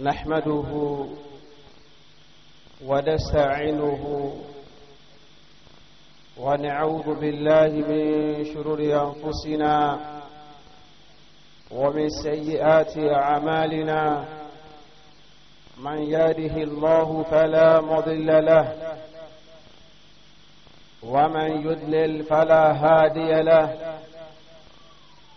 نحمده ونستعينه ونعوذ بالله من شرور أنفسنا ومن سيئات أعمالنا من يهده الله فلا مضل له ومن يدلل فلا هادي له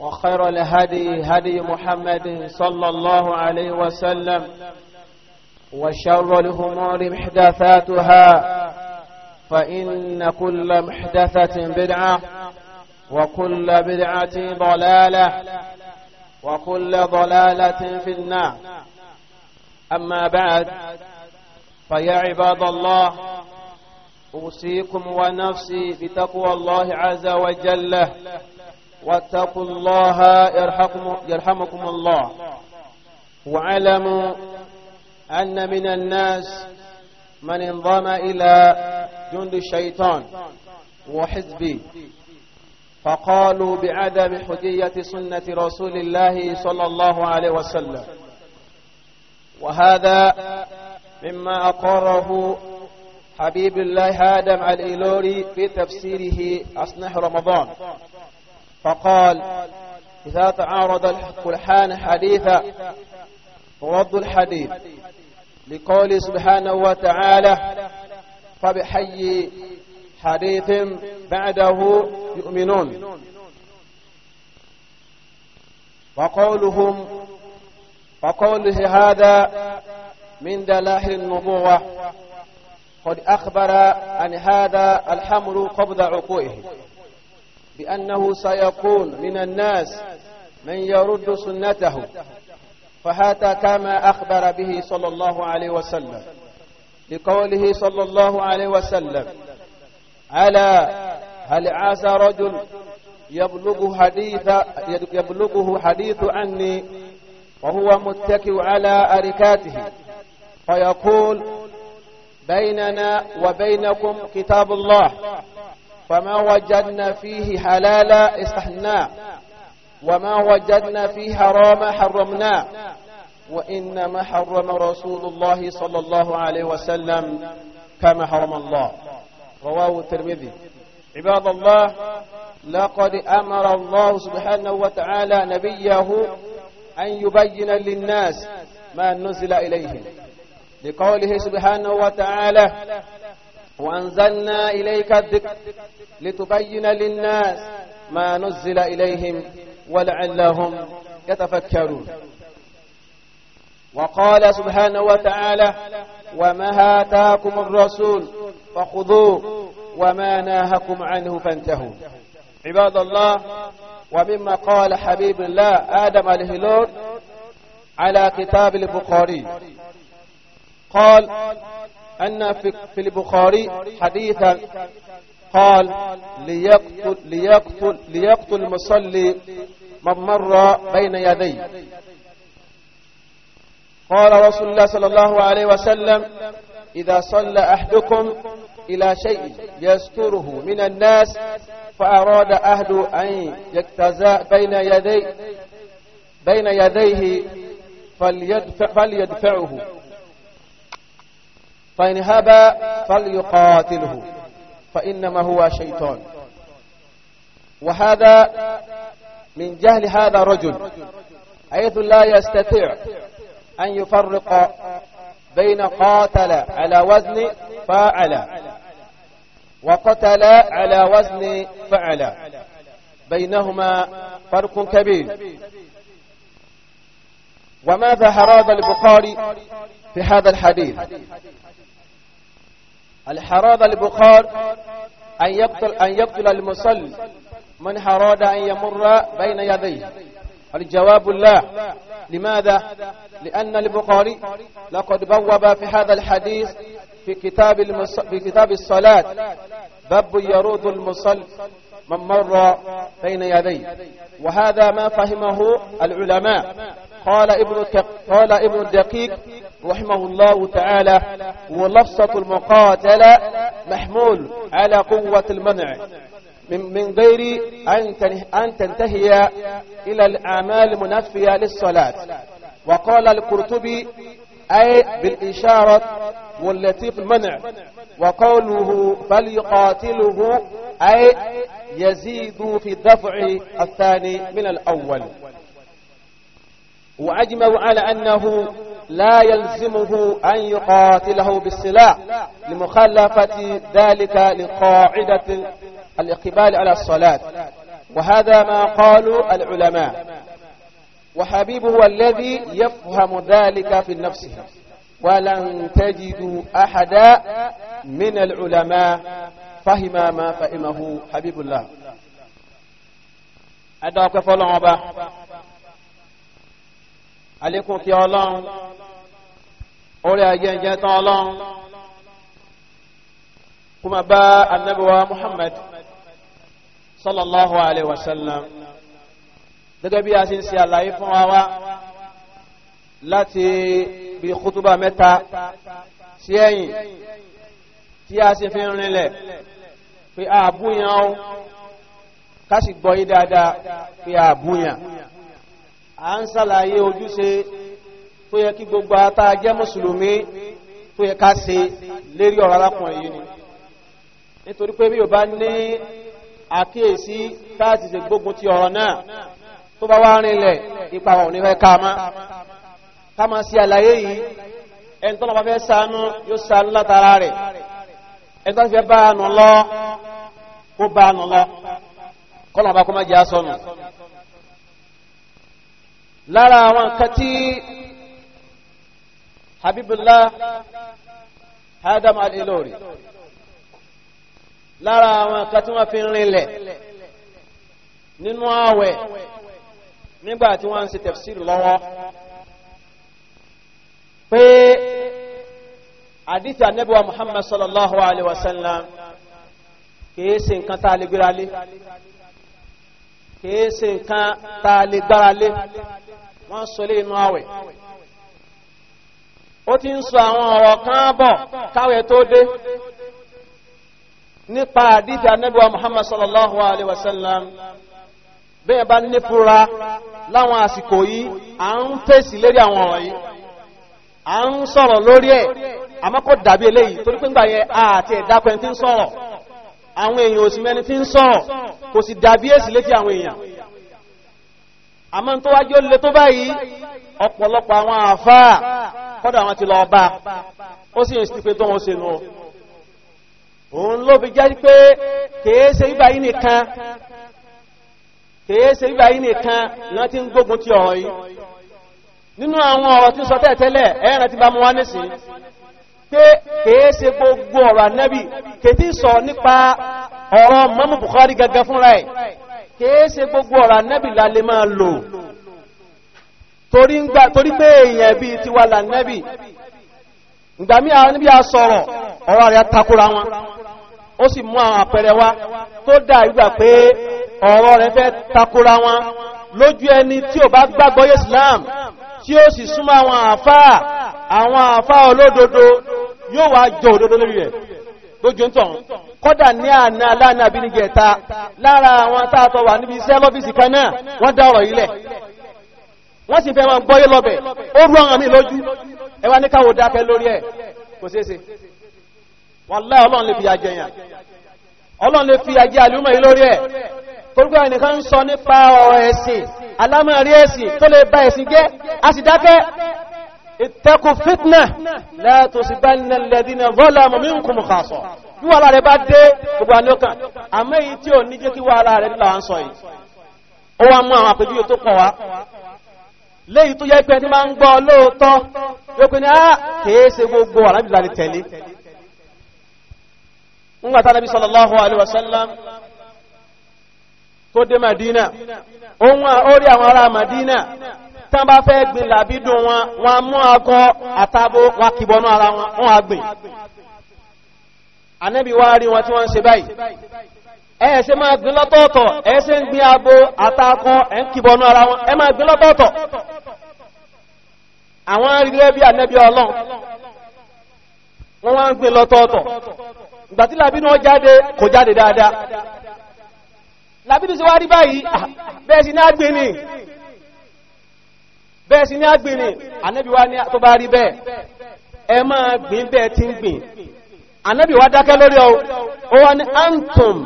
وخير الهدي هدي محمد صلى الله عليه وسلم وشر الأمور محدثاتها فإن كل محدثة بدعة وكل بدعة ضلالة وكل ضلالة في النار أما بعد فيا عباد الله أوصيكم ونفسي بتقوى الله عز وجل واتقوا الله يرحمكم, الله واعلموا أن من الناس من انضم إلى جند الشيطان وحزبه فقالوا بعدم حجية سنة رسول الله صلى الله عليه وسلم وهذا مما أقره حبيب الله آدم الإيلوري في تفسيره أصنح رمضان فقال إذا تعارض الحان حديثا رد الحديث لقول سبحانه وتعالى فبحي حديث بعده يؤمنون وقولهم وقوله هذا من دلائل النبوة قد أخبر عن هذا الحمر قبض عقوئه بأنه سيكون من الناس من يرد سنته فهذا كما أخبر به صلى الله عليه وسلم لقوله صلى الله عليه وسلم ألا هل عسى رجل يبلغ حديث يبلغه حديث عني وهو متكئ على أركاته فيقول بيننا وبينكم كتاب الله فما وجدنا فيه حلالا استحنا وما وجدنا فيه حراما حرمناه وإنما حرم رسول الله صلى الله عليه وسلم كما حرم الله رواه الترمذي عباد الله لقد أمر الله سبحانه وتعالى نبيه أن يبين للناس ما نزل إليهم لقوله سبحانه وتعالى وأنزلنا إليك الذكر لتبين للناس ما نزل إليهم ولعلهم يتفكرون وقال سبحانه وتعالى وما هاتاكم الرسول فخذوه وما ناهكم عنه فانتهوا عباد الله ومما قال حبيب الله آدم الهلول على كتاب البخاري قال أن في البخاري حديثا قال ليقتل, ليقتل, ليقتل المصلي من مر بين يدي قال رسول الله صلى الله عليه وسلم إذا صلى أحدكم إلى شيء يستره من الناس فأراد أهد أن يكتزى بين يدي بين يديه فليدفع فليدفعه فإن هبى فليقاتله فإنما هو شيطان وهذا من جهل هذا الرجل حيث لا يستطيع أن يفرق بين قاتل على وزن فاعل وقتل على وزن فعل بينهما فرق كبير وماذا هراد البخاري في هذا الحديث الحرادة البخار أن يقتل, أن يقتل المصلي من أراد أن يمر بين يديه الجواب لا لماذا؟ لأن البخاري لقد بوب في هذا الحديث في كتاب, المص... في كتاب الصلاة باب يروض المصل من مر بين يديه وهذا ما فهمه العلماء قال ابن قال ابن الدقيق رحمه الله تعالى ولفظة المقاتلة محمول على قوة المنع من, من غير أن تنتهي إلى الأعمال المنفية للصلاة وقال القرطبي أي بالإشارة والتي في المنع وقوله فليقاتله أي يزيد في الدفع الثاني من الأول وأجمعوا على أنه لا يلزمه أن يقاتله بالسلاح لمخالفة ذلك لقاعدة الإقبال على الصلاة وهذا ما قالوا العلماء وحبيب هو الذي يفهم ذلك في نفسه ولن تجدوا أحدا من العلماء فهم ما فهمه حبيب الله أدعوك فالعبا àlékún kí ọlọ́run orí ajẹ́jẹ́ tán ọlọ́run kó máa bá anábíwá Muhammad sallallahu alayhi wa sallam gẹ́gẹ́ bí a ṣe ń ṣe àlàyé fún wa wá láti bí kútúbà mẹ́ta sí ẹ̀yìn tí a ṣe fi rinlẹ̀ pé àbúyàn ó ká sì yí dáadáa pé àbúyàn à ń ṣàlàyé ojúṣe tó yẹ kí gbogbo ata jẹ́ mùsùlùmí tó yẹ ká ṣe lérí ọ̀rọ̀ arákùnrin yìí ni nítorí pé bí o bá ní àkíyèsí táàtì ṣe gbógun ti ọ̀rọ̀ náà tó bá wá rinlẹ̀ ipa wọn ò ní fẹ́ ká má ká má sí àlàyé yìí ẹni tó lọ́ba fẹ́ ṣàánú yóò ṣàánú látara rẹ̀ ẹni tó fẹ́ bá àánú lọ kó bá àánú lọ kọ́ lọ́ba kó má jẹ́ àsọnù lára àwọn nǹkan tí Habibullah Adam al-Ilori lára àwọn nǹkan tí wọ́n fi rinlẹ̀ nínú ààwẹ̀ nígbà tí wọ́n ń ṣe tafsiri lọ́wọ́ pé àdìsí ànẹ́bíwá Muhammad sallallahu alaihi wasallam kìí ṣe nǹkan tá a lè gbéra lé kìí ṣe nǹkan tá a lè gbára lé wọ́n sọ lé inú àwẹ̀ ó ti ń sọ àwọn ọ̀rọ̀ kan bọ̀ káwẹ̀ tó dé nípa àdíjà anábíwá muhammad sallallahu alaihi wasallam bẹ́ẹ̀ bá ní fúra láwọn àsìkò yìí à ń fèsì lérí àwọn ọ̀rọ̀ yìí à ń sọ̀rọ̀ lórí ẹ̀ àmọ́ kò dàbí eléyìí torí pé ń gbà yẹn àti ẹ̀dá pẹ́ntì sọ̀rọ̀ àwọn èèyàn òsì mẹ́ni tí ń sọ̀rọ̀ kò sì dàbí èsì létí àwọn èèyàn àmọ́ tó wájú olè tó báyìí ọ̀pọ̀lọpọ̀ àwọn àfáà kọ́dà wọn ti lọ bá ó sì ń sí pé tó wọn ṣe nù òun ló fi jẹ́ pé kèése ibà yìí nìkan kèése ibà yìí nìkan náà ti ń gbógun ti ọ̀rọ̀ yìí nínú àwọn ọ̀rọ̀ tí sọ tẹ́ẹ̀tẹ́lẹ̀ ẹ̀rẹ́ ti bá mú wá nísìnyí pé kèése gbogbo ọ̀rọ̀ ànábì kètí sọ nípa ọ̀rọ̀ mọ́mù Bukhari gaga fúnra ẹ̀ kèése gbogbo ọ̀rọ̀ ànábì lálé máa lò torí pé èèyàn bí ti wà lànábì ìgbàmí ànábì a sọ̀rọ̀ ọ̀rọ̀ rẹ̀ takora wọn ó sì mú àwọn àpẹẹrẹ wá tó dà ìgbà pé ọ̀rọ̀ rẹ̀ fẹ́ takora wọn lójú ẹni tí ò bá gbàgbọ́ Islam tí ó sì súnmọ́ àwọn àfáà àwọn àfáà olódodo yóò wá jọ òdodo lórí rẹ̀ lójú ń tàn kọ́dà ní àná aláàánà bí ní gẹ̀ẹ́ta lára àwọn tààtọ̀ wà níbi iṣẹ́ lọ́fíìsì kan náà wọ́n dá ọ̀rọ̀ ilẹ̀ wọ́n sì fẹ́ wọn gbọ́yé lọ́bẹ̀ ó rú ọ̀ràn mi lójú ẹ wá ní káwò dákẹ́ lórí ẹ̀ kò ṣeéṣe wàláhì ọlọ́run lè fi àjẹyàn ọlọ́run lè fi àjẹ àlúmọ̀ yìí lórí ẹ̀ torúkọ ẹnìkan ń sọ nípa ọ̀rọ̀ ẹ̀sìn alámọ̀rí ẹ̀sìn tó lè ba ẹ̀sìn jẹ́ a sì dákẹ́ ìtẹ́kù fitna lẹ́ẹ̀tọ́ sí bá nílẹ̀ lẹ́dínà zọ́làmù mínkù mú kàásọ̀ bí wà láàrẹ bá dé gbogbo àníọ́kàn àmọ́ èyí tí ò ní jẹ́ kí wà láàrẹ nílà ń sọ yìí ó wá mú àwọn àpèjúwe tó pọ̀ wá léyìí tó yẹ pé ẹni máa ń gbọ́ lóòótọ́ yóò pé ní á kèé ṣe gbogbo àlábìlà ní tẹ̀lé ńgbà nàbí sallallahu alaihi tó dé Madina ó rí àwọn ará Madina tán bá fẹ́ gbin làbídùn wọn wọn mú akọ àtàbò wọn kìbọnú ara wọn wọn àgbìn anẹ́bí wá rí wọn tí wọ́n ń ṣe báyìí ẹ̀ẹ́sẹ̀ máa gbin lọ́tọ̀ọ̀tọ̀ ẹ̀ẹ́sẹ̀ ń gbin abo àtakọ ẹ̀ ń kìbọnú ara wọn ẹ máa gbin lọ́tọ̀ọ̀tọ̀ àwọn arílẹ̀ bí anẹ́bí ọlọ́n wọ́n wá ń gbin lọ́tọ̀ọ̀tọ̀ ìgbàtí làbínú ọ jáde kò jáde dáadáa làbínú sí wá rí báyìí ah, bẹ́ẹ̀ sí ní àgbẹ̀ bẹ́ẹ̀ sí ní agbìnrin ànábì wa ní tó bá rí bẹ́ẹ̀ ẹ máa gbìn bẹ́ẹ̀ tí ń gbìn wa dákẹ́ lórí ọ ó wá ní antum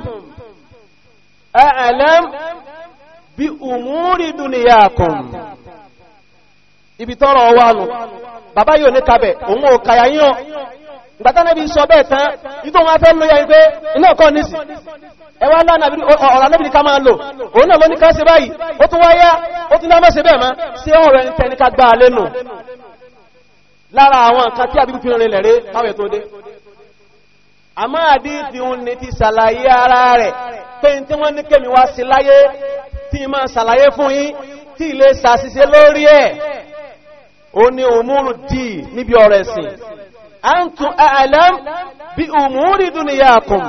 ibi tọ́rọ̀ wà nù bàbá yóò ní kabẹ̀ òun ò kàyà gbàtánà bí sọ bẹ́ẹ̀ tán ìtò wọn fẹ́ lóyà ìpé iná ọkọ̀ nísì ẹwà ọ̀rọ̀ anábìrì ká máa lò òun náà ló ní ká ṣe báyìí ó tún wáyá ó tún dámọ́ sí bẹ́ẹ̀ mọ́ sí ọ̀rọ̀ ẹni tẹni ká gbá lẹ́nu lára àwọn nǹkan tí àbíbí fi rìn lẹ̀ rẹ̀ káwẹ̀ tó dé àmọ́ àdífi òun ni ti ṣàlàyé ara rẹ̀ pé n tí wọ́n ní kémi wá sí láyé tí ma ṣàlàyé fún yín tí ilé ṣàṣìṣe lórí ẹ̀ òun ni òmùrù dì níbi ọ̀rọ̀ ẹ̀sìn antu a'lam bi umuri duniyakum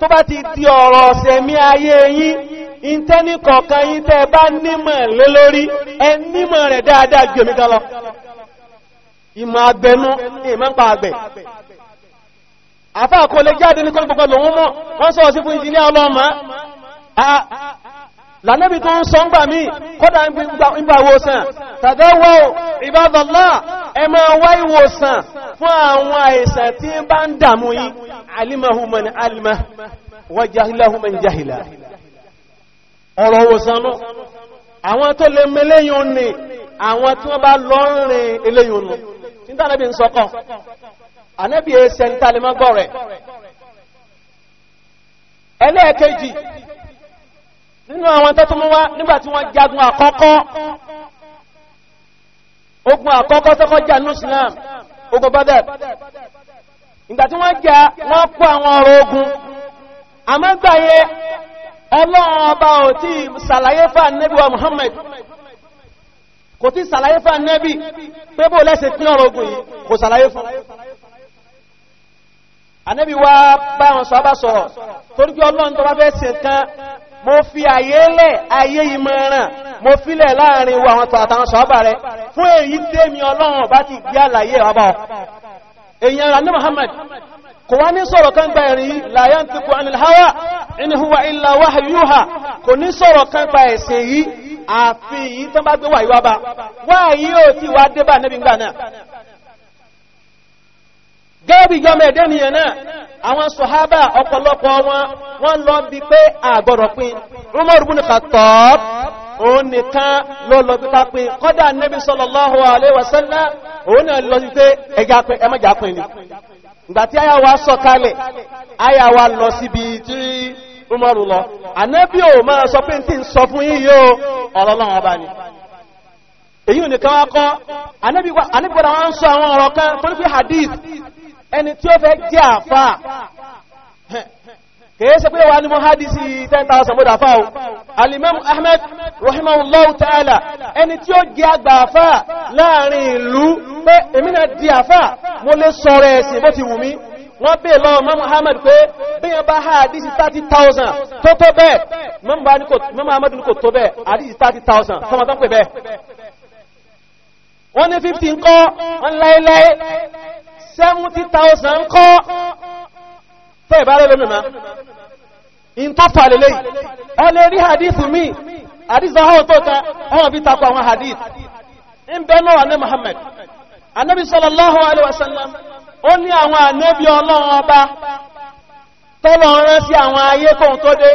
tó bá ti di ọ̀rọ̀ sẹ̀mí ayé yín ìntẹ́ni kọ̀ọ̀kan yín tẹ́ bá nímọ̀ lé lórí ẹ nímọ̀ rẹ̀ dáadáa ju èmi gan lọ ìmọ̀ àgbẹ̀nú ìmọ̀ ń pa àgbẹ̀ àfáà kò lè jáde ní kọ́lùpọ̀pọ̀ lòun mọ̀ wọ́n sọ̀rọ̀ sí fún ìjìnlẹ̀ ọlọ́mọ lànẹ́bì tó ń sọ́ngbà mí kọ́dà ìgbà ìwòsàn tàdáwọ́ ìbádọ́lá ẹ máa wá ìwòsàn fún àwọn àìsàn tí ń bá ń dàmú yí alimahuman alima wà jahilahuman jahila ọ̀rọ̀ ìwòsàn nù àwọn tó lè mẹ́lẹ́yìn ní àwọn tí wọ́n bá lọ rìn eléyìn nù nígbà náà ń sọ́kọ̀ nínú àwọn tó tún mú wá nígbàtí wọ́n jagun àkọ́kọ́ ogun àkọ́kọ́ tó kọjá ní islam ogun badr ìgbàtí wọ́n jà wọ́n kó àwọn ọ̀rọ̀ ogun àmọ́gbàyẹ ọlọ́run ọba ò tí sàlàyé fà nẹ́bí wa muhammad kò tí sàlàyé fà nẹ́bí pé bó lẹ́sẹ̀ pín ọ̀rọ̀ ogun yìí kò sàlàyé fún anẹ́bí wa bá wọn sọ sọ̀rọ̀ torí pé ọlọ́run tó bá fẹ́ ṣe kan mo fi àyè lẹ̀ ayé ìmọ̀ràn mo fílẹ̀ láàrin wa àwọn tàtàwọn sọ́ọ́bà rẹ fún èyí tèmi ọlọ́run bá ti gbé àlàyé ọba ọ èyàn rà ní Muhammad kò wá ní sọ̀rọ̀ kan gba ẹ̀rí láyán tí kò anil hawa in huwa kò ní sọ̀rọ̀ kan gba ẹ̀sẹ̀ yìí àfi yìí tán bá gbé wà yíwá bá wà yìí ò tí wá dé bá níbi gbà náà gẹ́bì jọmọ ẹ̀dẹ́ náà àwọn sọ̀hábà ọ̀pọ̀lọpọ̀ wọn wọ́n lọ bí pé àgbọ̀rọ̀ pín Umar ibn Khattab òun nìkan ló lọ bí ká pín kọ́dà Nabi sallallahu alaihi wasallam òun náà lọ sí pé ẹja pín ẹmọ́jà pín ni ìgbà tí àyà wa sọ kalẹ̀ àyà wa lọ síbi tí Umar lọ Ànábì ò máa sọ pé tí ń sọ fún yíyó ọ̀rọ̀lọ́wọ́ ọba ni èyí ò nìkan wá kọ́ Ànábì wa Ànábì wa ń sọ àwọn ọ̀rọ̀ kan tó ní pé hadith ẹni tí ó fẹ́ jẹ́ àfà kìí ṣe pé wà ní mọ́hádìsí 10,000 mọ́dà fáwọ́ alimam ahmed rahimahullahu ta'ala ẹni tí ó jẹ́ àgbà àfà láàrin ìlú pé èmi náà di àfà mo lè sọ̀rọ̀ ẹ̀sìn bó ti wù mí wọ́n bèè lọ mọ́mù ahmed pé bíyàn bá ha àdísí 30,000 tó tó bẹ́ẹ̀ mọ́mù ahmed ní kò tó bẹ́ẹ̀ àdísí 30,000 tọ́mọ tán pè bẹ́ẹ̀ wọ́n ní 50 ń kọ́ wọ́n láéláé seventy thousand kọ́ tó ìbára lónìí in tó fà lélẹ̀ ẹ lè rí hadith mi hadith ahọ́ tó ká ọmọ bí takọ hadith in wà ní sallallahu alaihi wasallam ó ní àwọn ọlọ́run ọba sí àwọn ayé tó dé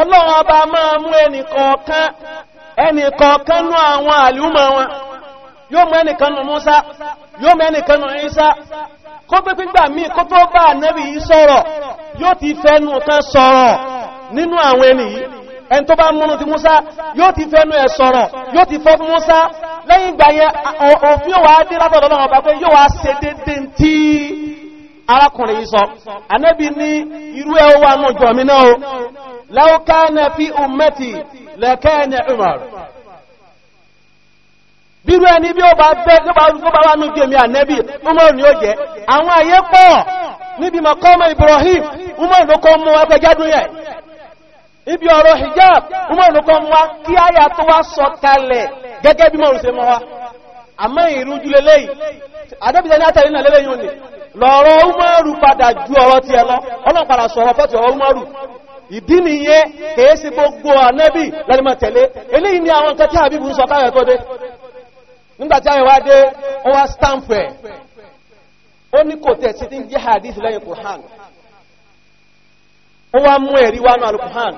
ọlọ́run ọba máa mú ẹnìkọ̀ọ̀kan nú àwọn yóò mú ẹnìkan nù Musa yóò mú ẹnìkan nù Isa kó pé pígbà míì kó tó bá ànábì yìí sọ̀rọ̀ yóò ti fẹnu kan sọ̀rọ̀ nínú àwọn ẹni yìí ẹni tó bá múnú ti Musa yóò ti fẹnu ẹ̀ sọ̀rọ̀ yóò ti fọ́ Musa lẹ́yìn ìgbà yẹn òfin wà á dé látọ̀dọ̀ biru ẹni bí ó bá bẹ́ tó bá wá ní bí èmì ànẹ́bí Umar ni ó jẹ́ àwọn ayé pọ̀ níbi mọ̀kọ́mọ̀ Ibrahim Umar ló kọ́ mú agbẹjádùn ibi ọ̀rọ̀ hijab Umar ló kọ́ mú wá kí àyà tó wá sọ kalẹ̀ gẹ́gẹ́ bí mọ̀rún se mọ́ wá àmọ́ ìrújú lélẹ́yìn adébìtẹ́ ní àtàrí náà lélẹ́yìn òní lọ́rọ̀ Umaru padà ju ọ̀rọ̀ ti lọ ọlọ́pàá sọ̀rọ̀ gbogbo eléyìí nígbàtí àwọn ìwá dé wọ́n wá stamp ó ní kò tẹ̀sí tí ń jẹ́ hadith lẹ́yìn Qur'an ó wá mú ẹ̀rí wánú al-Qur'an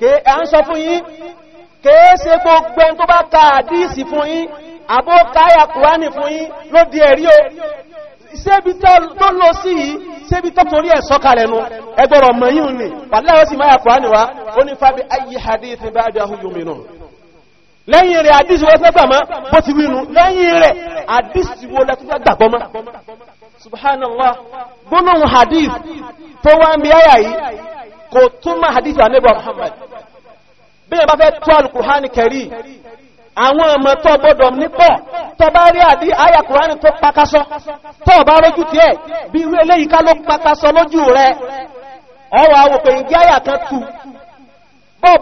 kèé ń sọ fún yín ṣe gbogbo ẹni tó bá ka hadith fún yín àbó káyà fún yín ló di ẹ̀rí o ṣébi tó lọ sí yìí ṣébi tó torí ẹ̀ sọ́kalẹ̀ nu ẹgbọ́rọ̀ mọ̀ ni wàlẹ́ ó sì máa Qur'ani wá ó ní fábí ayé hadith lẹ́yìn rẹ̀ àdísì wọ́n fẹ́ gbàmá bó ti wínú lẹ́yìn rẹ̀ àdísì wọ́n lẹ́túgbà gbàgbọ́má subhanallah gbónáhùn hadith tó wá ń bí ayà yìí kò túnmà hadith wà muhammad bí yẹn bá fẹ́ tó alukurhani kẹrí àwọn ọmọ tó gbọ́dọ̀ nípọ̀ tó bá rí àdí ayà kurhani tó pakasọ tó bá rójú tí ẹ bí irú eléyìí ká ló pakasọ lójú rẹ̀ ọwọ́ àwòkè ìjẹ́ àyà kan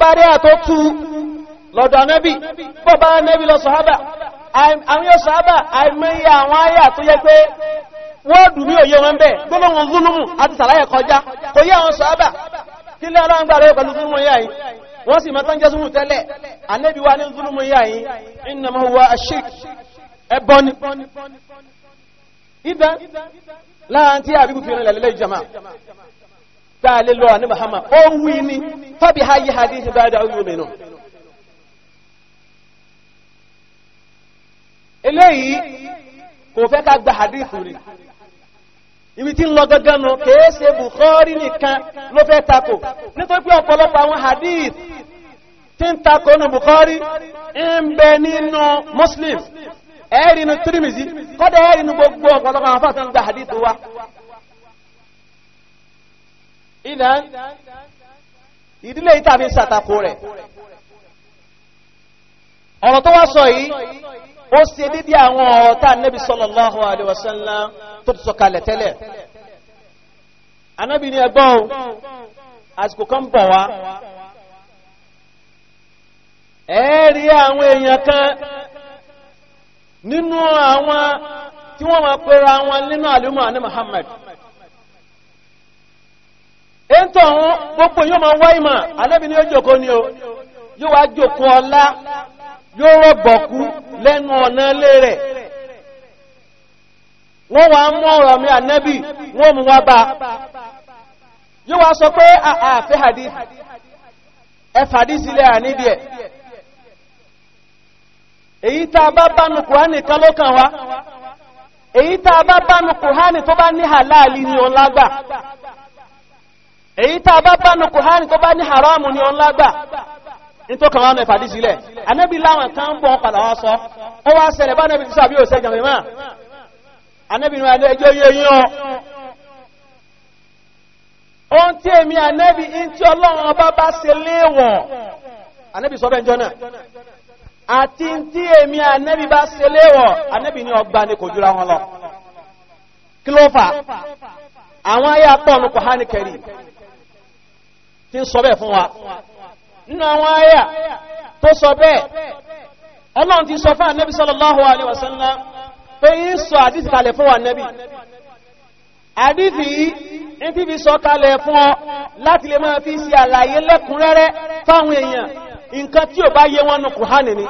bá rí àtó lọ́dọ̀ anẹ́bì pọ̀bá anẹ́bì lọ sọ̀hábà àwọn yóò sọ̀hábà àìmọ́yà àwọn ayà tó yẹ pé wọ́ọ̀dù ní òye wọn bẹ́ẹ̀ gbọ́lọ́wọ́n zulumu àti sàlàyé kọjá kò yí àwọn sọ̀hábà kí lé ọlọ́run gbà lórí pẹ̀lú zulumu yà yìí wọ́n sì mọ́tán jẹ́ zulumu tẹ́lẹ̀ anẹ́bì wà ní zulumu yà yìí innama huwa ashirk ẹbọ ni ìdá láàrín tí àbíkú fi rìn lẹ́lẹ́lẹ́ ìjàmà tá a lè lọ àní Muhammad ó wí ni fábí háyé hadith bá dáa yóò mìíràn eléyìí kò fẹ́ ká gba hadithu rí ibi tí ń lọ gangan nù kìí ṣe Bukhari nìkan ló fẹ́ takò nítorí pé ọ̀pọ̀lọpọ̀ àwọn hadith tí ń takò nù Bukhari ń bẹ nínú Muslim ẹ̀rìnú Tirmidhi kọ́dọ̀ ẹ̀rìnú gbogbo ọ̀pọ̀lọpọ̀ àwọn fàtàn gba hadith wa ìdán ìdílé ìtàbí ṣàtakò rẹ̀ ọ̀rọ̀ tó wá sọ yìí ó ṣe dédé àwọn ọ̀tá nẹ́bí sallallahu alaihi tó ti sọ̀kalẹ̀ tẹ́lẹ̀ anábì ní ẹgbọ́n àsìkò kan bọ̀ wá ẹ̀ẹ́rí àwọn èèyàn kan nínú àwọn tí wọ́n máa pẹ̀rọ àwọn nínú Muhammad wọn gbogbo yóò máa wáyìmọ̀ anábì ní ni yóò yóò bọ̀kú lẹ́nu ọ̀nà ilé rẹ̀ wọ́n wá mú ọ̀rọ̀ mi ànẹ́bì wọ́n mú wá bá yóò sọ pé ah, ah, àfẹ́ sílẹ̀ àníbi ẹ̀ èyí tá a bá bánu kùránì kan ló kàn wá èyí tá a bá bánu kùránì tó bá ní halali ni òun lágbà èyí tá a bá bánu ba tó bá ní haramu ni òun nítọ́kàn wọn ẹ̀fà dí sílẹ̀ anábì láwọn kan ń bọ́ padà wá sọ ó wá ṣẹlẹ̀ bá anábì sísàbí ò sẹ́jọ̀ mẹ́mà anábì ní alẹ́ ẹjọ́ yé yín ọ ohun tí èmi anábì ń tí ọlọ́run ọba bá ṣe léèwọ̀ anábì sọ bẹ́ẹ̀ jọ náà àti tí èmi anábì bá ṣe léèwọ̀ anábì ní ọgbà ni kò jura wọn lọ kí ló fà àwọn ayé apọ̀ ọ̀nù kò hánìkẹ́rì tí ń sọ bẹ́ẹ̀ fún wa. nínú àwọn tó sọ bẹ́ẹ̀ ọlọ́run ti sọ fún ànẹ́bí sallallahu alaihi pé yí sọ àdífì kalẹ̀ fún wa nẹ́bí àdífì yí tí fi sọ kalẹ̀ fún ọ láti fi sí àlàyé lẹ́kùnrẹ́rẹ́ fáwọn èèyàn nǹkan tí ò bá yé wọn nù kùhánì ni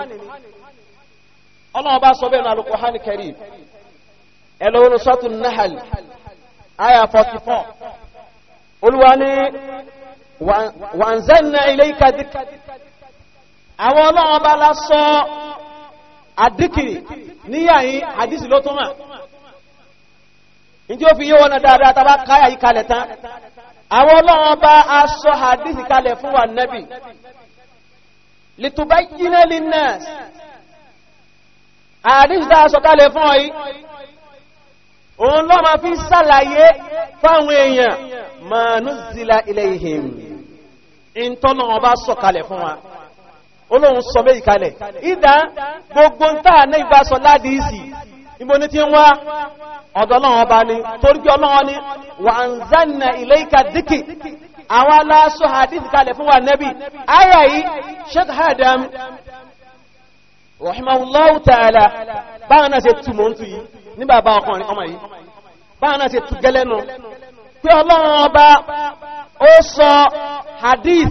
ọlọ́run bá sọ bẹ́ẹ̀ nù sọ́tún 44 olúwa ní wàǹzẹ́nà ilé ìkàdíkà àwọn ọlọ́wọ́n bá lásọ àdíkìrì níyàyí àdísì ló túnmà ní tí ó fi yíwọ́n náà dáadáa tàbá káyà yí kalẹ̀ tán àwọn ọlọ́wọ́n bá aṣọ àdísì kalẹ̀ fún wa nẹ́bì lìtùbá yínà linnas àdísì tá a sọ kalẹ̀ fún ọ yìí òun lọ́ ma fi sàlàyé fáwọn èèyàn ma nuzila ilayhim ìntọ́nà ọba sọ̀kalẹ̀ fún wa olóhun sọ méjì kalẹ̀ ìdá gbogbo ń tàà ní ìbáṣọ ládìísì níbo ní tí ń wá ọ̀dọ̀ náà ọba ni torí bí ọlọ́wọ́ ni wà ń zanna ilé ìka díkì àwọn aláṣọ hadith kalẹ̀ fún wa nẹ́bí ara yìí sheikh hadam rahimahullahu ta'ala báwọn náà ṣe tu mò ń tu yìí ní bàbá ọkùnrin ọmọ yìí báwọn náà ṣe tu gẹ́lẹ́nu pé ọlọ́wọ́ ọba ó sọ hadith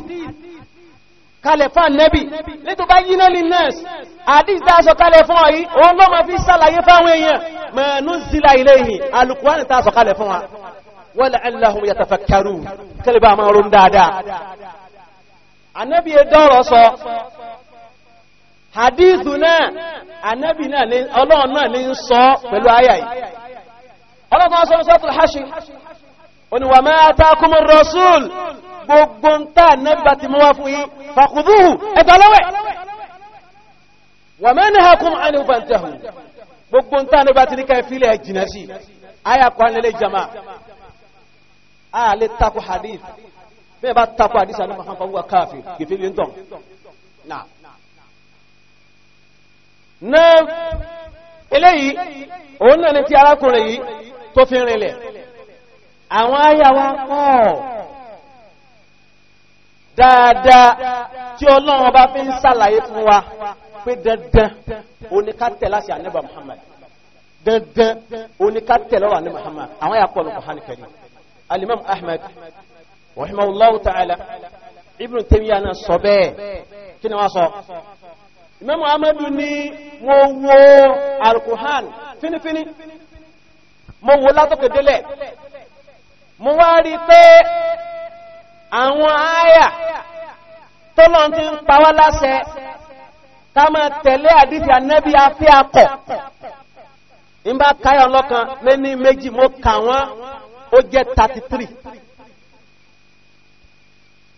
kalẹ̀ fún nẹ́bì lẹ́tọ̀ bá yínà ní nẹ́ẹ̀sì hadith dáṣọ kalẹ̀ fún ọ̀yí òun lọ́ ma fi sàlàyé fáwọn èèyàn mẹ́ẹ̀nú zílà ilé ìhìn alùkùwánì tàṣọ kalẹ̀ fún wa wọ́lẹ̀ aláhùn yàtàfàkàrù kẹlẹ̀bà máa rún dáadáa anẹ́bì ẹ̀dọ́rọ̀ sọ hadith náà anẹ́bì náà ọlọ́run náà ní sọ pẹ̀lú ayayi ọlọ́run náà sọ ni wà máa àtàkùnmù rọ̀súl gbogbo ń tà nẹ́bà ti mú wá fún yí fàkùdúhù ẹgbà lọ́wẹ̀ wà máa ní hakùn àníwùbàntẹ̀hù gbogbo ń tà nẹ́bà ti ní ká ìfilẹ̀ jìnà sí ayakọ̀ nílẹ̀ jama a lè takò hadith bẹ́ẹ̀ bá takò hadith àní mahamman wà káàfì kìfìlì ń tàn náà náà eléyìí òun náà ti arákùnrin yìí tó fi rinlẹ̀ àwọn àyà wa pọ̀ dáadáa tí ọlọ́run bá fi ń sàlàyé fún wa pé dandan oníkàtẹ̀ láti ànẹ́bà Muhammad dandan oníkàtẹ̀ lọ́wọ́ ànẹ́bà Muhammad àwọn àyà pọ̀ lọ́kọ̀ hàn kẹrin alimam Ahmad rahimahullahu ta'ala Ibn Taymiyyah náà sọ bẹ́ẹ̀ kí ni wọ́n sọ Imam Ahmad ní mo wo Al-Qur'an mo wo látọ̀kẹ́ délẹ̀ mo wá rí pé àwọn àyà tó npawa ti ń pa wá láṣẹ ká máa tẹ̀lé àdìsí ànábì afẹ́ akọ̀ ń bá káyọ̀ méjì mo kà wọ́n 33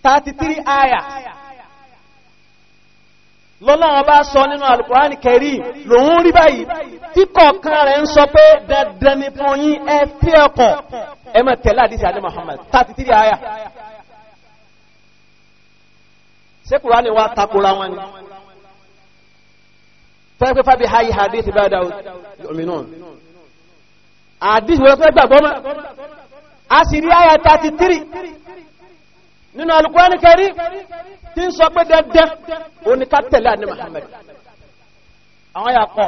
33 àyà. lọ́lọ́wọ́ bá sọ nínú alùkùránì kẹrí lòun rí báyìí tí kọ̀ọ̀kan rẹ̀ ń sọ pé dandan ni fún yín ẹ tí ọkàn ẹ mọ̀ tẹ̀lé àdísì àdé Muhammad 33 àyà ṣé kùránì wa takora wọn ni fẹ́ pé fábí hayi hadith bá dáwọ́ òmìnà àdísì wọ́n fẹ́ gbàgbọ́ mọ́ a sì rí àyà 33 nínú Al-Qur'ani Karim tí ń sọ pé dẹ́dẹ́ oníká tẹ̀lé àní Muhammad àwọn yà pọ̀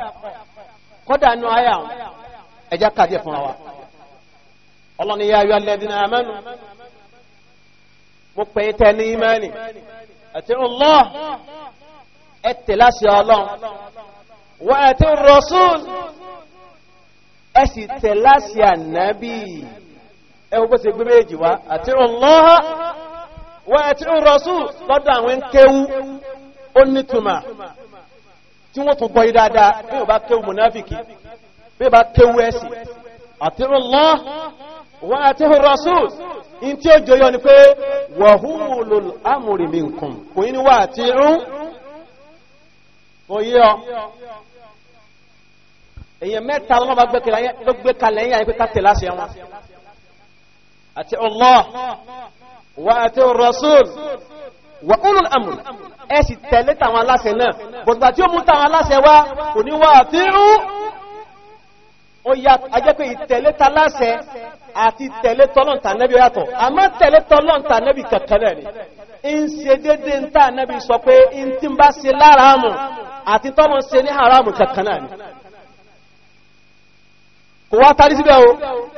kọ́dà nínú ayé àwọn ẹja kàdí ẹ̀ fún wa Allah ni ya ayyuhal ladhina amanu mo pè é tẹ́ ní ìmánì àti Allah ẹ tẹ̀lé àṣẹ ọlọ́run wà á ti ẹ sì tẹ̀lé àṣẹ ànábì ẹ wọ́n bó gbé méjì wá àti Allah wọ́n ẹ̀ tí ń rọ̀sù lọ́dọ̀ àwọn ń kéwú ó nítumà tí wọ́n tún gbọ́yí dáadáa bí wọ́n bá kéwú mùnáfìkì bí wọ́n bá kéwú ẹ̀sì àtìrúnlọ́ wọ́n ẹ̀ tí ń rọ̀sù in tí ó jọyọ ni pé wọ̀húlù amúrì mi nǹkan kò yí ni wà àti rún oyé ọ èyàn mẹ́ta lọ́wọ́ bá gbé kalẹ̀ yẹn àyíkú ká tẹ̀lé wọn àti Allah wa ati rasul wa ulul amr ẹ sì tẹ̀lé tàwọn aláṣẹ náà gbogbo tí ó mú tàwọn aláṣẹ wá kò ní wá àti rú ó yá ajẹ́ pé ìtẹ̀lé ta láṣẹ àti tẹ̀lé tọ́lọ́ǹtà nẹ́bí ó àmọ́ tẹ̀lé tọ́lọ́ǹtà nẹ́bí kẹ̀kẹ́rẹ́ ni ń ṣe dédé ń tà nẹ́bí sọ pé ń tí ń bá ṣe lára àmù àti tọ́lọ́ ṣe ní haramu kẹ̀kẹ́rẹ́ ni kò wá tarí síbẹ̀ o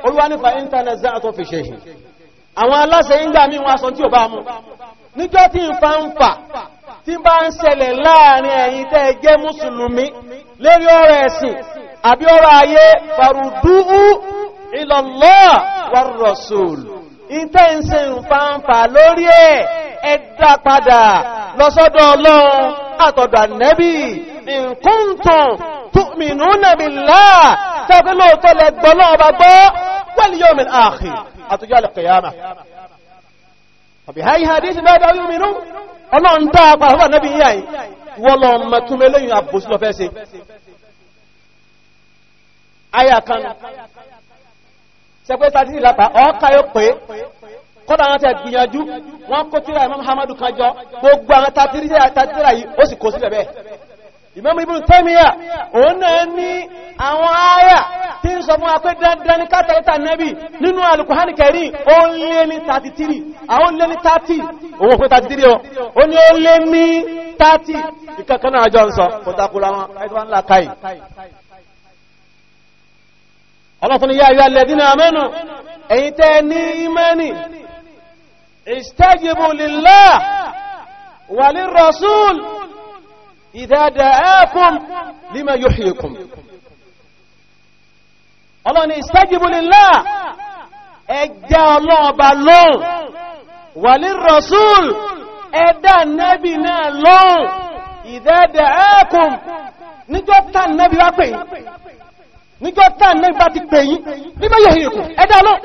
olúwa nípa íńtánẹ́ẹ̀tì àtúnfẹ̀ṣẹ̀ yìí àwọn aláṣẹ ìgbà mi wọn aṣọ tí ò bá mú níjọ́ tí ń fa ń fà tí bá ń ṣẹlẹ̀ láàrin ẹ̀yin tẹ́ jẹ́ mùsùlùmí lérí ọ̀rọ̀ ẹ̀sìn àbí ọ̀rọ̀ ayé farudúú ilallah rasul ìtẹ́ ń ṣe ń fa ń fà lórí ẹ̀ ẹ̀dá padà in kuntum tu'minuna billah tẹ́fẹ́ lóòótọ́ lẹ واليوم الآخر أتجال القيامة فبهاي حديث ما دعوا يؤمنون الله انتا قهوة نبي إياي والله ما تملين أبوس لفاسي آية كان sẹ́pẹ́ sáàtì ìlàpá ọ̀ọ́ká yóò pé kọ́dá àwọn tẹ́ gbìyànjú wọ́n kó tíra Imam Muhammadu kan jọ gbogbo àwọn tàtíra yìí ó sì kó sílẹ̀ bẹ́ẹ̀ Imam Ibn Taymiyyah òun náà ní àwọn àyà tí ń sọ fún apé dandan ní kátàlẹ́ta nẹ́bì nínú Al-Qur'an Karim ó lé ní 33 àwọn lé ní 30 òun òpin 33 o ó ní ó lé ní 30 ìkankan náà àjọ ń sọ pọ̀tàkùrà wọn إذا دعاكم لما يحييكم الله ni استجبوا لله ẹjá ọlọ́ọ̀bá lóhùn wà ní rọ̀súl ẹ̀dá nẹ́bì náà lóhùn ìdẹ́dẹ̀ ẹ́kùn níjọ́ tàn nẹ́bì wá pè yín níjọ́ tàn nẹ́bì bá ti pè yín nígbà yóò hìrìkùn ẹ̀dá lóhùn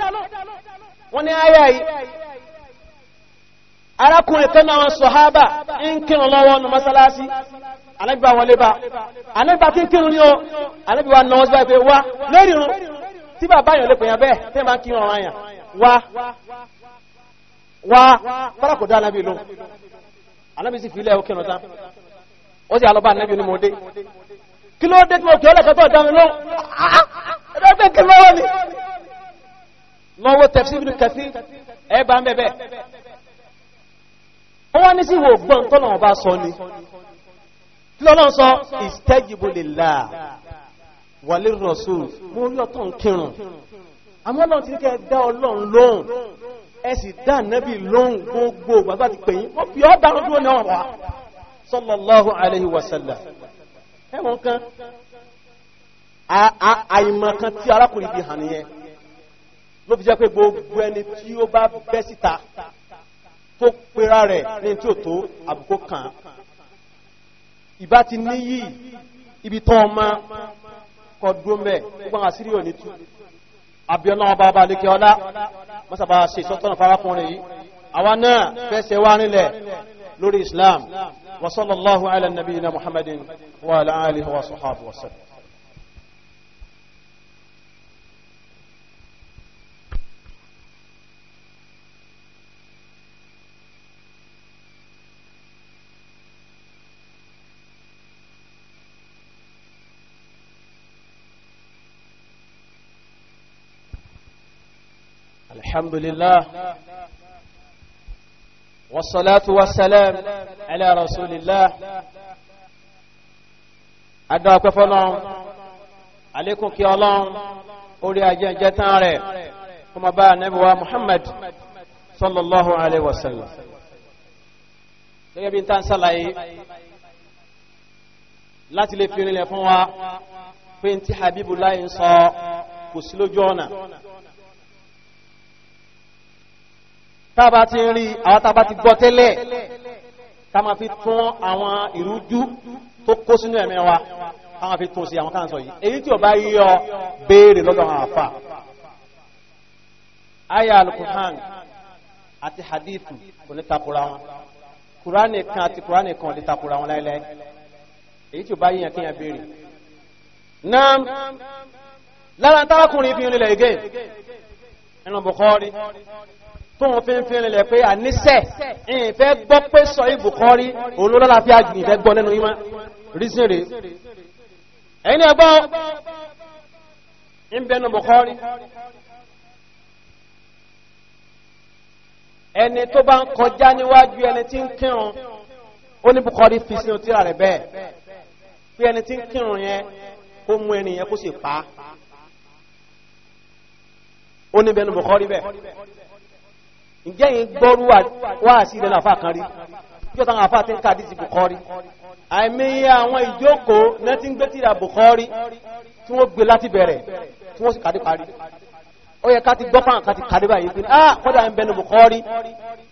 wọ́n ni ayé yìí arákùnrin kan náà wọn sọ̀hábà ń kírun lọ́wọ́ nù mọ́sálásí anábíbá wọn lébá anábíbá tí ń kírun ní o anábíbá náà síbá ìpé wá lórí irun tí bàbá yàn lè pèyàn bẹ́ẹ̀ tẹ́ bá kí ọ̀rọ̀ àyàn wá wá fọ́lá kò dá anábí lóhun anábí sì fílẹ̀ òkè nọ̀tá ó sì alọ́bá anábí onímọ̀ọ́dé kí ló dé tí mo kí ọlẹ́kẹ́ tó dá mi lọ́wọ́ tẹ̀sí ibi kẹsí ẹ bá ń bẹ̀ bẹ́ẹ̀ ó ní sí ìwò gbọ́n tọ́nà ọba sọ ni lọ́lọ́n sọ istajibu lillah walir rasul mú rí ọ̀tọ̀ ń kírun àmọ́lọ́n ti kẹ́ dá ọlọ́run lóhùn ẹ sì dá nẹ́bì lóhùn gbogbo bàbá ti pèyìn wọ́n fi ọ́ dára ní ọ̀rọ̀ sallallahu alaihi wasallam ẹ̀wọ̀n kan àìmọ̀ kan tí arákùnrin bí hàn nìyẹn ló fi jẹ́ pé gbogbo ẹni tí ó bá bẹ́ tó pera rẹ̀ ní tí ò tó àbùkù kan ìbá ti níyì ibi tọ́ ọmọ kọ dúró mẹ́ gbogbo àwọn àṣírí òní tú abiola ọba ọba lékè ọlá mọ́sàbá ṣe ìsọ́tọ́nà farakùnrin yìí àwa náà fẹ́sẹ̀ wá nílẹ̀ lórí islam wa sallallahu ala nabiyina muhammadin wa ala alihi wa sahabu wa الحمد لله والصلاة والسلام على رسول الله أدعوك كفلان عليكم كي الله أولي أجان جتان كما با نبوى محمد صلى الله عليه وسلم gẹ́gẹ́ bí n tá ń sàlàyé láti lè fi rinlẹ̀ fún tába ti rí àwọn tába ti gbọ́ tẹ́lẹ̀ ká máa fi tún àwọn ìrújú tó kó sínú ẹ̀mí wa ká máa fi tún sí àwọn káàsọ̀ yìí èyí tí ó bá yí ọ béèrè lọ́dọ̀ àwọn àfà aya alukuhan àti hadithu kò ní takura wọn kurani kan àti kurani kan lè takura wọn láìláì èyí tí ó bá yíyan kéèyàn béèrè náà lára tárakùnrin fi rinlẹ̀ igé ẹnu Bukhari tó wọn fi ń fi rìnlẹ̀ pé àníṣẹ́ ìfẹ́ gbọ́ pé sọ ìbùkọ́ rí olólọ́lá fi àjù ìfẹ́ gbọ́ nínú ìmọ̀ rísìn rè ẹ̀yìn ẹgbọ́ ìbẹ̀nu bùkọ́ rí ẹni tó bá ń kọjá níwájú ẹni tí ń kírun ó ní bùkọ́ rí fi sínú tíra rẹ̀ bẹ́ẹ̀ pé ẹni tí ń kírun yẹn kó mú ẹni yẹn kó sì pa ó ní bẹ̀nu bùkọ́ rí bẹ́ẹ̀ ǹjẹ́ yìí gbọ́rú wà sí ilẹ̀ àfá kan rí yóò táwọn àfá tí ń kàdí sí Bukhari àìmíyẹ àwọn ìjókòó náà ti ń gbé tírà Bukhari tí wọ́n gbé láti bẹ̀rẹ̀ tí wọ́n sì kàdí parí ó yẹ ká ti gbọ́ fáwọn kan ti báyìí pé ah kọ́dà ń bẹnu Bukhari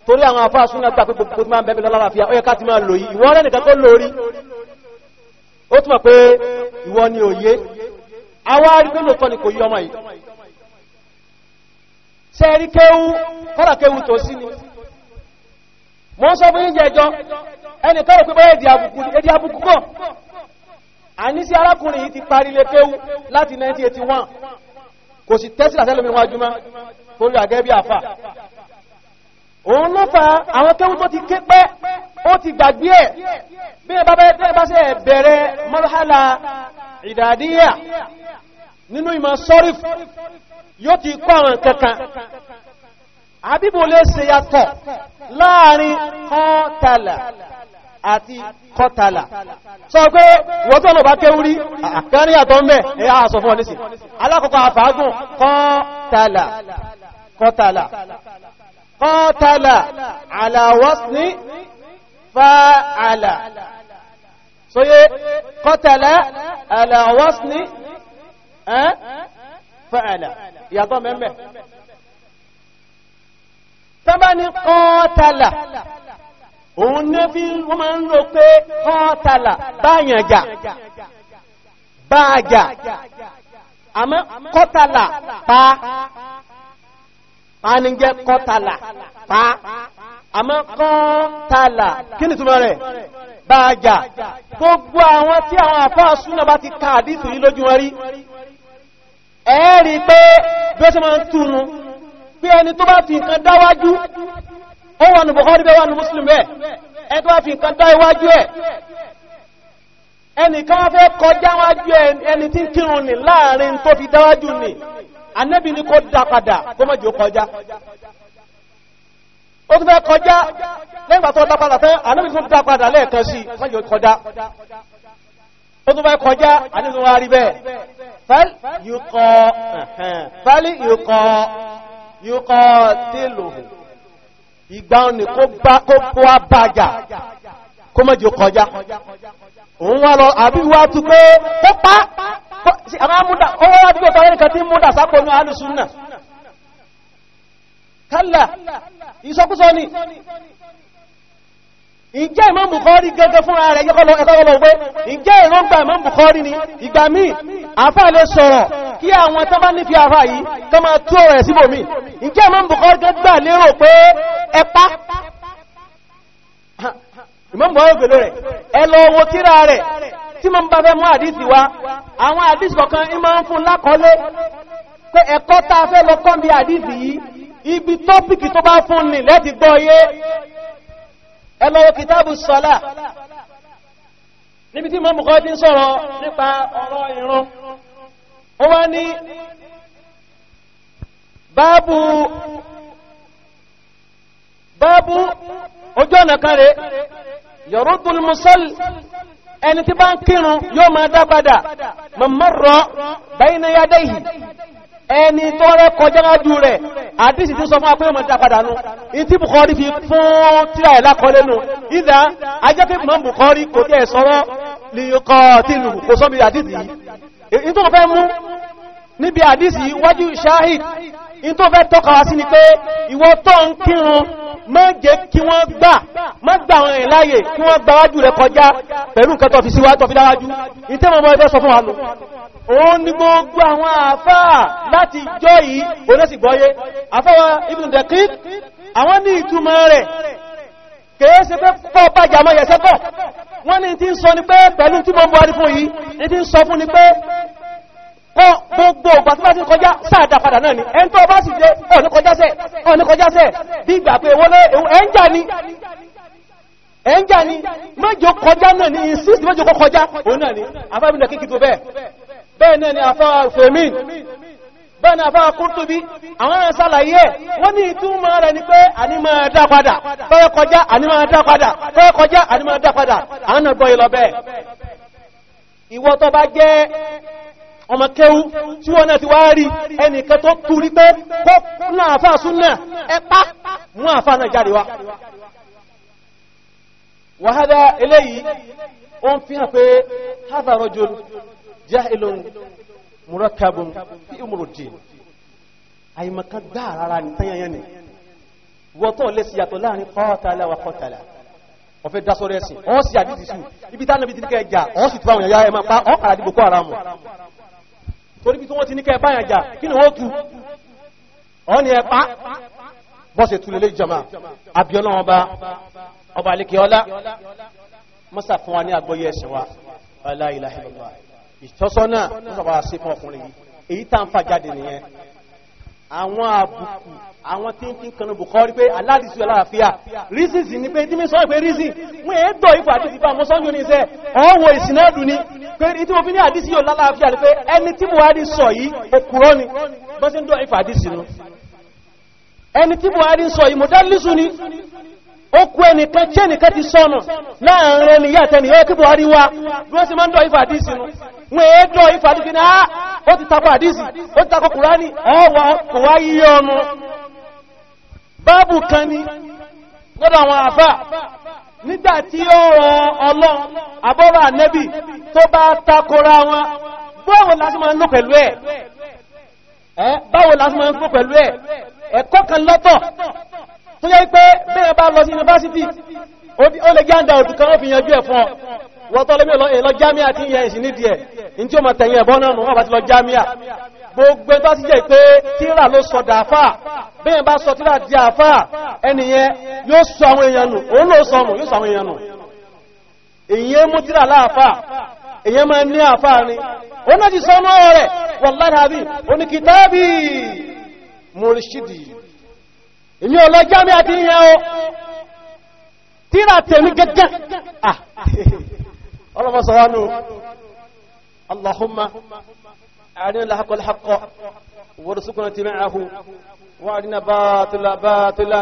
torí àwọn àfá súnà gbà pé gbogbo tí máa ń bẹ́ẹ̀ lọ́la àfíà ó yẹ ká ti máa lò yìí ìwọ́n rẹ̀ nìkan tó lórí ó túmọ̀ pé ìwọ ni òye àwa arígbélòtọ́ ni kò yí ọmọ yìí ṣe rí kéwú kọ́rà kéwú tó sí ni mọ́ sọ fún ìjẹjọ́ ẹni kọ́rọ̀ pípọ́ èdè àbùkù èdè àbùkù kọ́ àníṣí arákùnrin yìí ti parí lé kéwú láti 1981 kò sì tẹ́sí àṣẹ́lómi wájúmá torí àgẹ́ bí àfà òun ló fa àwọn kéwú tó ti ké pẹ́ ó ti gbàgbé ẹ̀ bí ẹ bá bẹ̀rẹ̀ marhala ìdàdíyà nínú ìmọ̀ sọ́rífù yóò ti kọ́ àwọn kankan àbíbò lè ṣe yàtọ̀ láàrin kọ́tàlà àti kọ́tàlà sọ pé wọ́n tó lọ bá kéwú rí àkárí àtọ́ mẹ́ ẹ̀ á sọ fún ọ alákọ̀ọ́kọ́ àfàágùn kọ́tàlà kọ́tàlà kọ́tàlà aláwọ́sní fa'ala sóyé kọ́tàlà aláwọ́sní ẹ́ fa'ala ìyàtọ̀ mẹ́mẹ́ tọ́bá ní kọ́ọ̀tàlà òun ní bí wọ́n máa ń lò pé kọ́ọ̀tàlà báyànjà báàjà àmọ́ kọ́tàlà pa pa ní jẹ́ kọ́tàlà pa àmọ́ kọ́tàlà kí ni túnmọ̀ rẹ̀ báàjà gbogbo àwọn tí àwọn àfáà súnà bá ti káàdì ìtòyí lójú wọn rí ẹ̀ẹ́rí pé bí ó ṣe máa ń túnú pé ẹni tó bá fi nǹkan dáwájú ó wà nù Bukhari bẹ́ẹ̀ wà nù Muslim bẹ́ẹ̀ ẹni tó bá fi nǹkan dá ẹ̀ ẹnìkan wá fẹ́ kọjá wájú ẹni tí ń kírun ní láàrin tó fi dáwájú ni Ànábì ni kó dá padà kó má jẹ́ ó kọjá ó tún fẹ́ kọjá lẹ́yìn tó dá padà fẹ́ Ànábì tó dá padà lẹ́ẹ̀kan sí má kọjá ó tún fẹ́ kọjá àdínsùn wa rí bẹ́ẹ̀ fẹ́lì yíkọ́ tílò ìgbà òní kó kó abájà kó mẹ́jọ kọjá òun wá lọ àbí wá pé ó pa ọwọ́ wá dúgbò tọ́rẹ́ tí múdà sápò ní alùsùn náà kálà ìsọkúsọ ni ìjẹ́ Imam Bukhari gẹ́gẹ́ fún ara rẹ̀ ẹkọ́lọ pé ìjẹ́ ìrọ́gbà Imam Bukhari ni ìgbà míì àfáà lè sọ̀rọ̀ kí àwọn tó bá ní fi àfáà yìí tó máa tú ọ̀rọ̀ ẹ̀ síbòmí ìjẹ́ Imam Bukhari gẹ́gbà lérò pé ẹpá Imam Bukhari pẹ̀lú rẹ̀ ẹ lọ wo tírà rẹ̀ tí mo ń bá fẹ́ ni lẹ́ti gbọ́ ẹmọ kìtàbù sọ́lá níbi tí mọ́mù kan ti ń sọ̀rọ̀ nípa ọ̀rọ̀ ìrun ó wá ní báàbù báàbù ojú ọ̀nà kan rẹ̀ yọ̀rọ̀ tó mùsọ́lì ẹni tí bá ń kírun yóò máa dá padà mọ̀mọ́rọ̀ báyìí náà yá ẹni tó rẹ kọjá lájú rẹ̀ àdísì tí sọ fún apẹ́ òmìnira padà nù ìtí Bukhari fi fún tíra ẹ̀ lákọlẹ̀ nù ìdá ajẹ́kẹ́ mọ́ Bukhari kò tí ẹ̀ sọ́rọ́ lìyọkọ̀ tí lù kò sọ́bí àdísì yìí tó fẹ́ mú níbi àdísì wájú shahid in fẹ́ tọ́ka sí ni pé ìwọ tó ń kírun má jẹ́ kí wọ́n gbà má gbà wọn rìn láyè kí wọ́n gbà wájú rẹ kọjá pẹ̀lú nǹkan tọ́fi síwá tọ́fi dáwájú ìtẹ́mọ̀ ọmọ ẹgbẹ́ sọ fún wa lò òun ni gbogbo àwọn àfáà láti jọ yìí onẹ́sìgbọ́yé àfáà Ibn Daqiq àwọn ní ìtumọ̀ rẹ̀ kèé se pé pọ́ bájà mọ́ yẹ̀ sẹ́pọ̀ wọ́n ní tí ń sọ ni pé pẹ̀lú tí mọ́ mọ́ rí fún yìí ní tí ń sọ fún ni pé gbogbo ọgbà tí máa ti kọjá sáàdà padà náà ni ẹn tó bá sì jẹ́ ọ̀nà kọjásẹ̀ ọ̀nà kọjásẹ̀ bí ìgbà pé wọ́n ẹ̀ńjà ni ẹ̀ńjà ni mẹ́jọ kọjá náà ni insist mẹ́jọ kọ kọjá òun náà ni afẹ́bìnà kíkì tó bẹ́ẹ̀ bẹ́ẹ̀ náà ni afẹ́ fèmín bẹ́ẹ̀ náà afẹ́ kúrtùbí àwọn ẹ̀rẹ́ sàlàyé wọ́n ní ìtumọ̀ rẹ̀ ni pé àní máa dá padà fẹ́ kọjá àní máa dá padà fẹ́ kọjá àní máa dá padà àwọn náà gbọ́ ìlọ bẹ́ẹ̀ ìwọ tó bá jẹ́ ọmọ kéwú tí wọ́n náà ti wá rí ẹnìkan tó kú rí pé kó náà àfáà súnnà ẹpá mú àfáà náà jáde wá wàhádá eléyìí ó ń fi hàn pé hadha rajul jahilun murakkabun fi umuruddin àìmọ̀kan gbá rárá ní tẹ́yẹnyẹn ni wọ́tọ̀ lè sí yàtọ̀ láàrin qatala wa qatala ọ̀fẹ́ dásọ́rẹ́sìn ọ́n sì àdíjì ibi tánàbí ti ní kẹjà sì tó àwọn ẹ̀yà ẹ̀mọ́ pa ọ́n kàràdìbò kọ́ ara torí bí tí wọ́n ti ní kẹ́ báyàn jà kí ni wọ́n tú ọ́n ni ẹ̀pá bọ́sẹ̀ tú lélẹ́ jama abiola ọba ọba alékè ọlá mọ́sà fún wa ní àgbọ́yé ẹ̀sìn wa aláìláhìlọ́gbà ìtọ́sọ́nà mọ́sà wa sí fún ọkùnrin yìí èyí tá ń fà jáde nìyẹn àwọn àbùkù àwọn tí ń fi kanú bùkọ́ rí pé aládìsí aláàfíà rísìsì ní pé tí mi sọ pé rísì wọ́n èé tọ̀ ipò àdìsí bá mọ́ sọ́jú ní iṣẹ́ ọwọ́ ìsìnàdù ni pé tí mo fi ní àdìsí yóò lálàáfíà rí pé ẹni tí Buhari sọ yìí òkúrọ́ ni bọ́ sí ń dọ̀ ipò àdìsí nu ẹni tí Buhari sọ yìí mọ̀dálísù ni okú ẹnìkan tí ẹnìkan ti sọ́nà láàrin ẹni yà tẹni ẹ buhari wá bí wọ́n sì máa ń dọ̀ ifá àdísì nù wọ́n èé dọ̀ àdísì ní àá ó ti takọ̀ àdísì ó ti takọ̀ kùránì ẹwà kò kan ni lọ́dọ̀ àwọn àfà nígbà tí ó rọ ọlọ́run àbọ́rọ̀ ànẹ́bì tó bá takora wọn báwo la sì máa ń lò pẹ̀lú ẹ̀ báwo la sì máa ń lò tó yẹ́ pé mẹ́rin bá lọ sí yunifásitì o lè gáńdà òtù kan ó fi yanjú ẹ̀ fún ọ wọ́tọ́ lómi lọ jámíà tí yẹ ìsìn nídìí ẹ̀ in tí ó mọ̀ tẹ̀yìn ẹ̀bọ́n náà nù wọ́n bá ti lọ jámíà gbogbo tó ti jẹ́ pé tíra ló sọ dàáfà bẹ́yẹn bá sọ tíra di àfà ẹniyẹn yóò sọ àwọn èèyàn nù ni ó náà ti sọ mọ́ rẹ̀ wọ́n lára bí èmi ò lọ jámẹ́ àti ìyẹn o tíra tẹ̀mí tí ra temi ọlọ́mọsọ̀rọ̀nù allahumma àrin lahakọ̀ lahakọ̀ wọ́n sukùnrin ti mẹ́rànhù wọ́n àrin na bátìlá